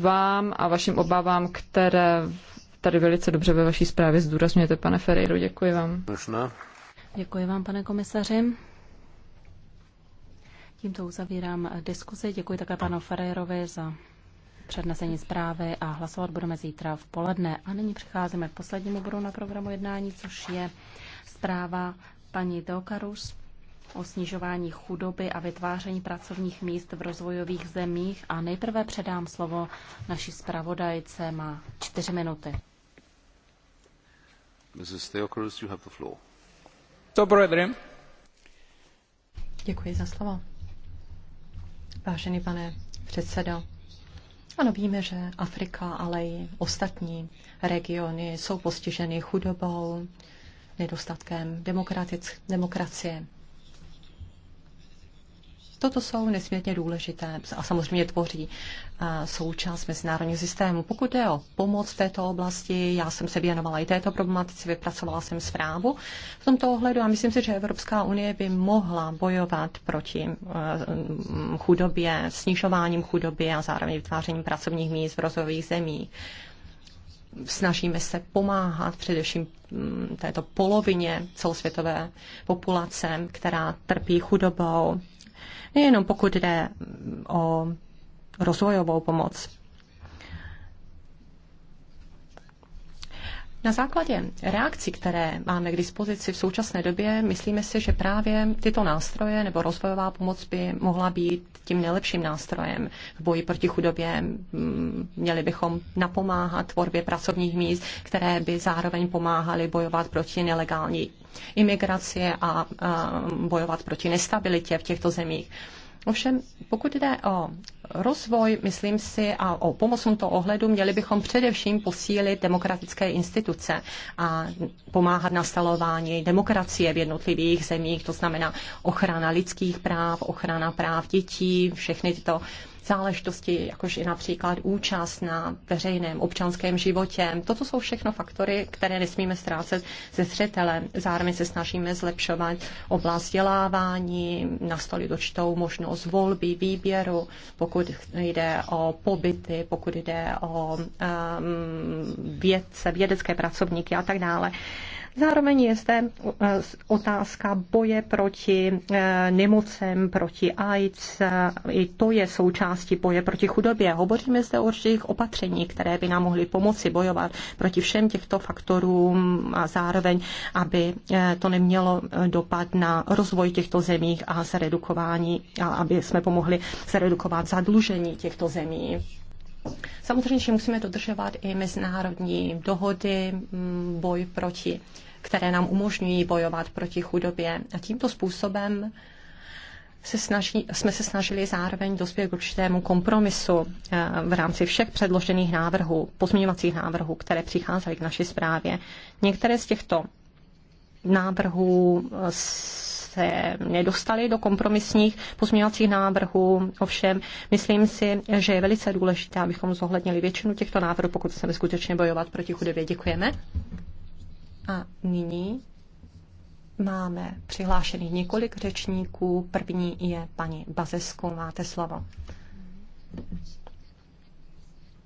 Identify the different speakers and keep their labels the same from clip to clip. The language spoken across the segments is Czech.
Speaker 1: vám a vašim obavám, které tady velice dobře ve vaší zprávě zdůrazňujete, pane Ferreiro. Děkuji vám. Děkuji vám, pane komisaři.
Speaker 2: Tímto uzavírám diskuzi. Děkuji také panu Ferreirovi za přednesení zprávy a hlasovat budeme zítra v poledne. A nyní přicházíme k poslednímu bodu na programu jednání, což je zpráva paní Teokarus o snižování chudoby a vytváření pracovních míst v rozvojových zemích a nejprve předám slovo naší zpravodajce. Má čtyři minuty.
Speaker 1: Mrs. Theochorus, you have the floor.
Speaker 3: Děkuji za slovo. Vážený pane předsedo, ano, víme, že Afrika, ale i ostatní regiony jsou postiženy chudobou, nedostatkem demokracie Toto jsou nesmírně důležité a samozřejmě tvoří eh, součást mezinárodního systému. Pokud je o pomoc v této oblasti, já jsem se věnovala i této problematice, vypracovala jsem zprávu v tomto ohledu a myslím si, že Evropská unie by mohla bojovat proti eh, chudobě, snižováním chudoby a zároveň vytvářením pracovních míst v rozvojových zemích snažíme se pomáhat především mm, této polovině celosvětové populace, která trpí chudobou, nejenom pokud jde o rozvojovou pomoc. Na základě reakcí, které máme k dispozici v současné době, myslíme si, že právě tyto nástroje nebo rozvojová pomoc by mohla být tím nejlepším nástrojem v boji proti chudobě. Měli bychom napomáhat tvorbě pracovních míst, které by zároveň pomáhaly bojovat proti nelegální imigraci a bojovat proti nestabilitě v těchto zemích. Ovšem, pokud jde o rozvoj, myslím si, a o pomoc tomto ohledu měli bychom především posílit demokratické instituce a pomáhat nastalování demokracie v jednotlivých zemích, to znamená ochrana lidských práv, ochrana práv dětí, všechny tyto záležitosti, jakož i například účast na veřejném občanském životě. Toto jsou všechno faktory, které nesmíme ztrácet ze zřetele. Zároveň se snažíme zlepšovat oblast vzdělávání, nastolit určitou možnost volby, výběru, pokud pokud jde o pobyty, pokud jde o um, vědce, vědecké pracovníky a tak dále. Zároveň je zde eh, otázka boje proti eh, nemocem, proti AIDS. I to je součástí boje proti chudobě. Hovoříme zde o určitých opatření, které by nám mohly pomoci bojovat proti všem těchto faktorům a zároveň, aby eh, to nemělo dopad na rozvoj těchto zemí a zredukování, a aby jsme pomohli zredukovat zadlužení těchto zemí. Samozřejmě, že musíme dodržovat i mezinárodní dohody, mm, boj proti, které nám umožňují bojovat proti chudobě. A tímto způsobem se snaží, jsme se snažili zároveň dospět k určitému kompromisu eh, v rámci všech předložených návrhů, pozměňovacích návrhů, které přicházely k naší zprávě. Některé z těchto návrhů eh, se nedostali do kompromisních pozměňovacích návrhů. Ovšem, myslím si, že je velice důležité, abychom zohlednili většinu těchto návrhů, pokud chceme skutečně bojovat proti chudobě. Děkujeme. A nyní máme přihlášených několik řečníků. První je paní Bazesko. Máte slovo.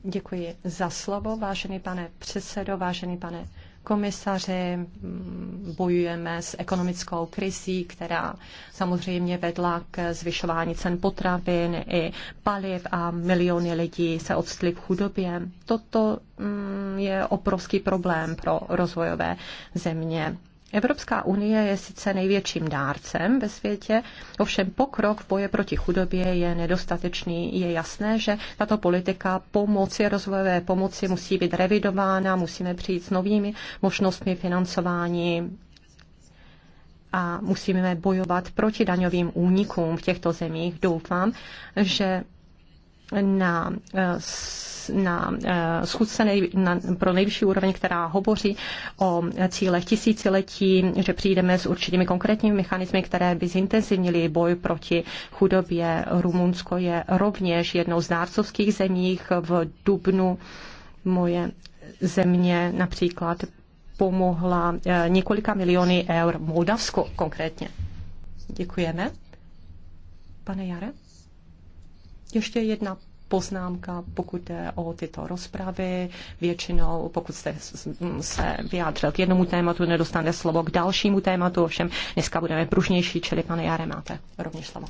Speaker 3: Děkuji za slovo, vážený pane předsedo, vážený pane komisaři, mm, bojujeme s ekonomickou krizí, která samozřejmě vedla k zvyšování cen potravin i paliv a miliony lidí se odstly v chudobě. Toto mm, je obrovský problém pro rozvojové země. Evropská unie je sice největším dárcem ve světě, ovšem pokrok v boje proti chudobě je nedostatečný. Je jasné, že tato politika pomoci, rozvojové pomoci musí být revidována, musíme přijít s novými možnostmi financování a musíme bojovat proti daňovým únikům v těchto zemích. Doufám, že na, eh, na eh, schůzce nej, na, pro nejvyšší úroveň, která hovoří o cílech tisíciletí, že přijdeme s určitými konkrétními mechanismy, které by zintenzivnily boj proti chudobě. Rumunsko je rovněž jednou z dárcovských zemích v Dubnu. Moje země například pomohla eh, několika miliony eur Moldavsko konkrétně. Děkujeme. Pane Jare? Ještě jedna poznámka, pokud jde o tyto rozpravy. Většinou, pokud jste se vyjádřil k jednomu tématu, nedostane slovo k dalšímu tématu, ovšem dneska budeme pružnější, čili pane Jare, máte
Speaker 1: rovněž slovo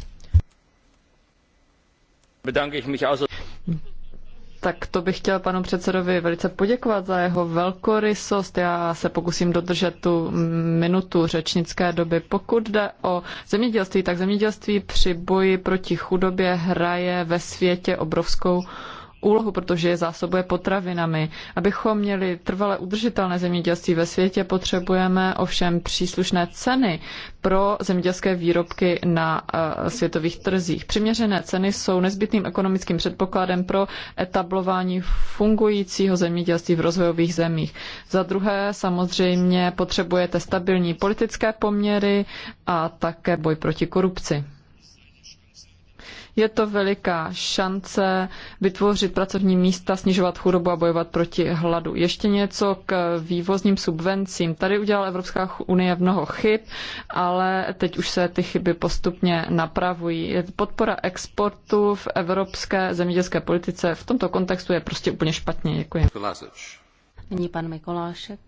Speaker 1: tak to bych chtěl panu předsedovi velice poděkovat za jeho velkorysost. Já se pokusím dodržet tu minutu řečnické doby. Pokud jde o zemědělství, tak zemědělství při boji proti chudobě hraje ve světě obrovskou úlohu, protože je zásobuje potravinami. Abychom měli trvale udržitelné zemědělství ve světě, potřebujeme ovšem příslušné ceny pro zemědělské výrobky na eh, světových trzích. Přiměřené ceny jsou nezbytným ekonomickým předpokladem pro etablování fungujícího zemědělství v rozvojových zemích. Za druhé, samozřejmě potřebujete stabilní politické poměry a také boj proti korupci. Je to veliká šance vytvořit pracovní místa, snižovat chudobu a bojovat proti hladu. Ještě něco k vývozním subvencím. Tady udělala Evropská unie mnoho chyb, ale teď už se ty chyby postupně napravují. Podpora exportu v evropské zemědělské politice v tomto kontextu je prostě úplně špatně. Děkuji.
Speaker 2: Nyní pan Mikolášek.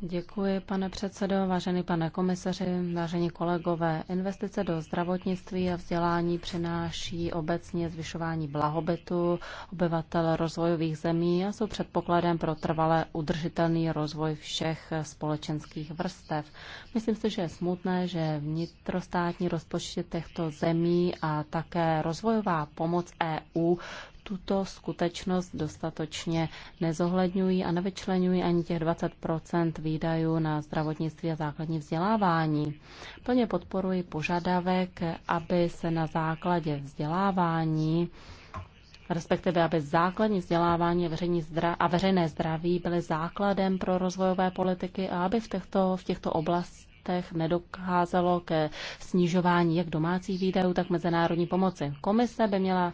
Speaker 2: Děkuji, pane předsedo, vážený pane komisaři, vážení kolegové. Investice do zdravotnictví a vzdělání přináší obecně zvyšování blahobytu obyvatel rozvojových zemí a jsou předpokladem pro trvale udržitelný rozvoj všech společenských vrstev. Myslím si, že je smutné, že vnitrostátní rozpočty těchto zemí a také rozvojová pomoc EU tuto skutečnost dostatočně nezohledňují a nevyčlenují ani těch 20 výdajů na zdravotnictví a základní vzdělávání. Plně podporuji požadavek, aby se na základě vzdělávání respektive aby základní vzdělávání a veřejné zdraví byly základem pro rozvojové politiky a aby v těchto, v těchto oblastech nedokázalo ke snižování jak domácích výdajů, tak mezinárodní pomoci. Komise by měla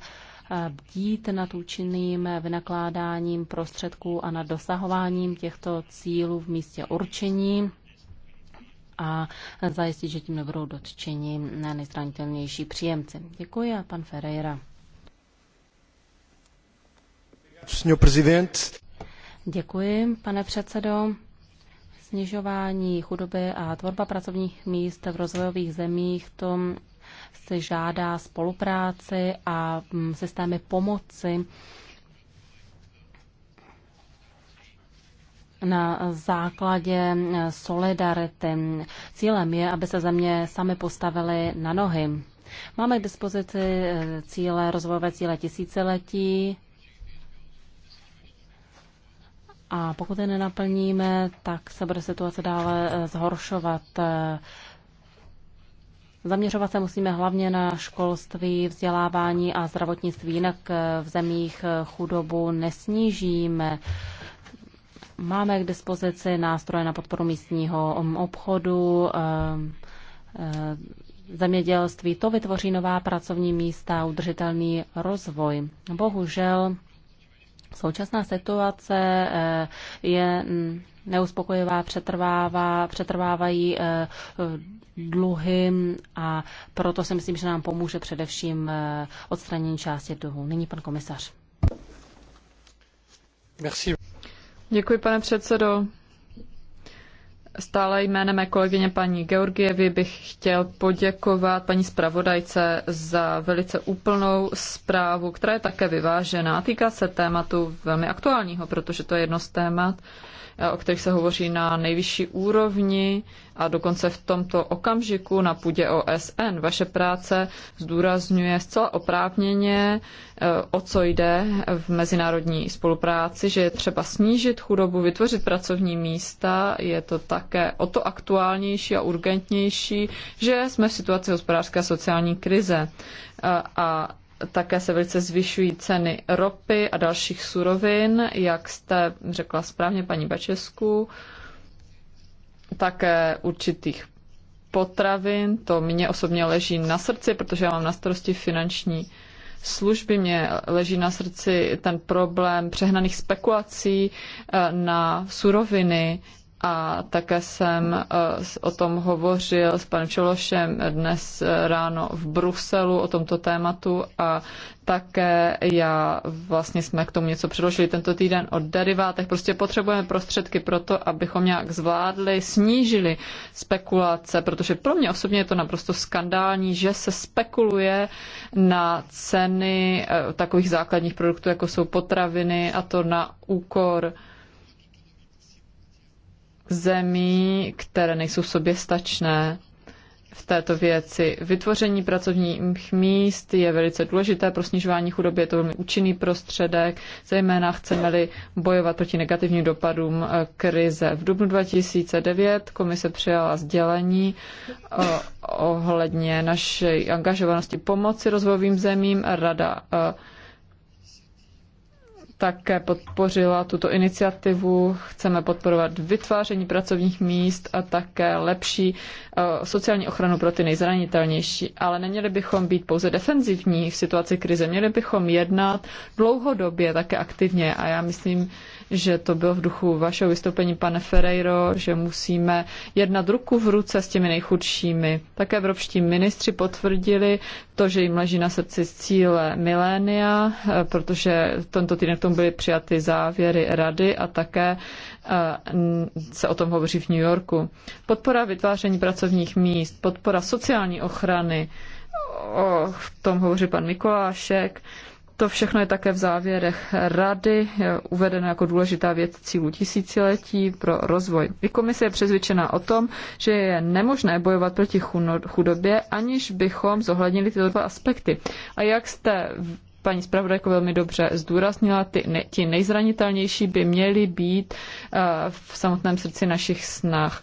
Speaker 2: bdít nad účinným vynakládáním prostředků a nad dosahováním těchto cílů v místě určení a zajistit, že tím nebudou dotčeni nejzranitelnější příjemci. Děkuji a pan Ferreira. Děkuji, pane předsedo. Snižování chudoby a tvorba pracovních míst v rozvojových zemích, to se žádá spolupráci a mm, systémy pomoci na základě mm, solidarity. Cílem je, aby se země sami postavily na nohy. Máme k dispozici e, cíle, rozvojové cíle tisíciletí, a pokud je nenaplníme, tak se bude situace dále e, zhoršovat. E, Zaměřovat se musíme hlavně na školství, vzdělávání a zdravotnictví, jinak eh, v zemích eh, chudobu nesnížíme. Máme k dispozici nástroje na podporu místního mm, obchodu, ehm, eh, zemědělství. To vytvoří nová pracovní místa udržitelný rozvoj. Bohužel současná situace je mm, neuspokojivá, přetrvává, přetrvávají eh, eh, dluhy a proto si myslím, že nám pomůže především eh, odstranění části dluhu. Nyní
Speaker 1: pan komisař. Merci. Děkuji, pane předsedo. Stále jménem mé kolegyně paní Georgievy bych chtěl poděkovat paní zpravodajce za velice úplnou zprávu, která je také vyvážená. Týká se tématu velmi aktuálního, protože to je jedno z témat, Eh, o kterých se hovoří na nejvyšší úrovni a dokonce v tomto okamžiku na půdě OSN. Vaše práce zdůrazňuje zcela oprávněně, eh, o co jde v mezinárodní spolupráci, že je třeba snížit chudobu, vytvořit pracovní místa. Je to také o to aktuálnější a urgentnější, že jsme v situaci hospodářské a sociální krize. Eh, a také se velice zvyšují ceny ropy a dalších surovin, jak jste řekla správně paní Bačesku, také určitých potravin. To mě osobně leží na srdci, protože já mám na starosti finanční služby. Mě leží na srdci ten problém přehnaných spekulací eh, na suroviny, a také jsem eh, o tom hovořil s panem Čološem dnes eh, ráno v Bruselu o tomto tématu a také já vlastně jsme k tomu něco předložili tento týden o derivátech. Prostě potřebujeme prostředky pro to, abychom nějak zvládli, snížili spekulace, protože pro mě osobně je to naprosto skandální, že se spekuluje na ceny eh, takových základních produktů, jako jsou potraviny a to na úkor zemí, které nejsou soběstačné stačné v této věci. Vytvoření pracovních míst je velice důležité pro snižování chudoby, je to velmi účinný prostředek, zejména chceme-li bojovat proti negativním dopadům eh, krize. V dubnu 2009 komise přijala sdělení eh, ohledně naší angažovanosti pomoci rozvojovým zemím. Rada eh, také podpořila tuto iniciativu. Chceme podporovat vytváření pracovních míst a také lepší eh, sociální ochranu pro ty nejzranitelnější. Ale neměli bychom být pouze defenzivní v situaci krize, měli bychom jednat dlouhodobě také aktivně a já myslím, že to bylo v duchu vašeho vystoupení, pane Ferreiro, že musíme jednat ruku v ruce s těmi nejchudšími. Také evropští ministři potvrdili to, že jim leží na srdci z cíle milénia, protože tento týden k tomu byly přijaty závěry rady a také eh, se o tom hovoří v New Yorku. Podpora vytváření pracovních míst, podpora sociální ochrany, o tom hovoří pan Mikolášek, to všechno je také v závěrech rady uvedeno jako důležitá věc cílů tisíciletí pro rozvoj. I komise je přezvědčená o tom, že je nemožné bojovat proti chudobě, aniž bychom zohlednili tyto dva aspekty. A jak jste paní zpravodajko velmi dobře zdůraznila, ty, ne, ti nejzranitelnější by měli být uh, v samotném srdci našich snah.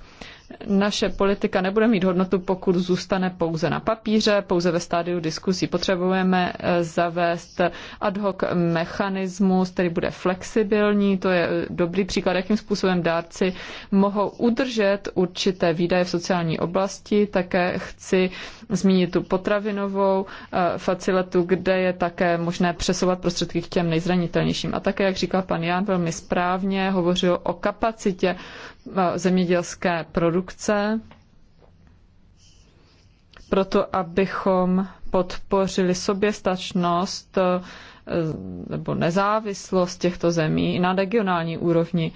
Speaker 1: Naše politika nebude mít hodnotu, pokud zůstane pouze na papíře, pouze ve stádiu diskusí. Potřebujeme eh, zavést ad hoc mechanismus, který bude flexibilní. To je eh, dobrý příklad, jakým způsobem dárci mohou udržet určité výdaje v sociální oblasti. Také chci zmínit tu potravinovou eh, facilitu, kde je také možné přesovat prostředky k těm nejzranitelnějším. A také, jak říkal pan Ján velmi správně, hovořil o kapacitě zemědělské produkce, proto abychom podpořili soběstačnost e, nebo nezávislost těchto zemí na regionální úrovni.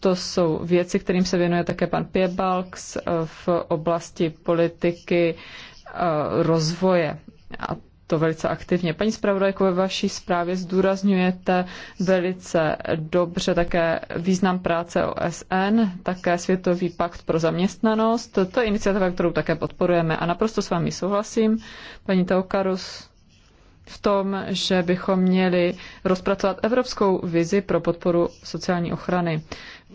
Speaker 1: To jsou věci, kterým se věnuje také pan Piebalks e, v oblasti politiky e, rozvoje. A to velice aktivně. Paní zpravodajko, ve vaší zprávě zdůrazňujete velice dobře také význam práce OSN, také Světový pakt pro zaměstnanost. To je iniciativa, kterou také podporujeme a naprosto s vámi souhlasím. Paní Teokarus, v tom, že bychom měli rozpracovat evropskou vizi pro podporu sociální ochrany.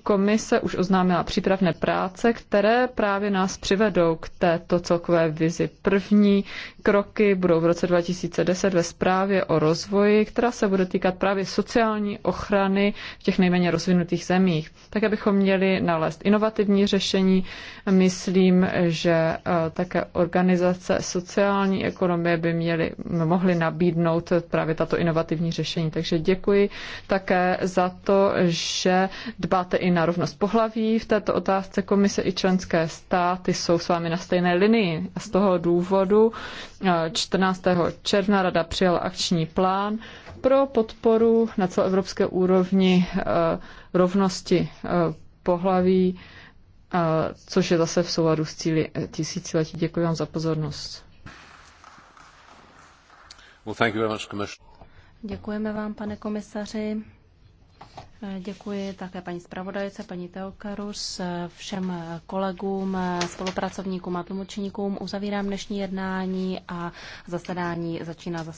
Speaker 1: Komise už oznámila přípravné práce, které právě nás přivedou k této celkové vizi. První kroky budou v roce 2010 ve zprávě o rozvoji, která se bude týkat právě sociální ochrany v těch nejméně rozvinutých zemích. Tak, abychom měli nalézt inovativní řešení, myslím, že eh, také organizace sociální ekonomie by měly, mohly nabídnout právě tato inovativní řešení. Takže děkuji také za to, že dbáte i na rovnost pohlaví. V této otázce komise i členské státy jsou s vámi na stejné linii. A z toho důvodu eh, 14. června rada přijala akční plán pro podporu na celoevropské úrovni eh, rovnosti eh, pohlaví, což je zase v souladu s cíli tisíciletí. Děkuji vám za pozornost. Well, Děkujeme
Speaker 2: vám, pane komisaři. Děkuji také paní zpravodajce, paní Teokarus, všem kolegům, spolupracovníkům a tlumočníkům. Uzavírám dnešní jednání a zasedání začíná zase.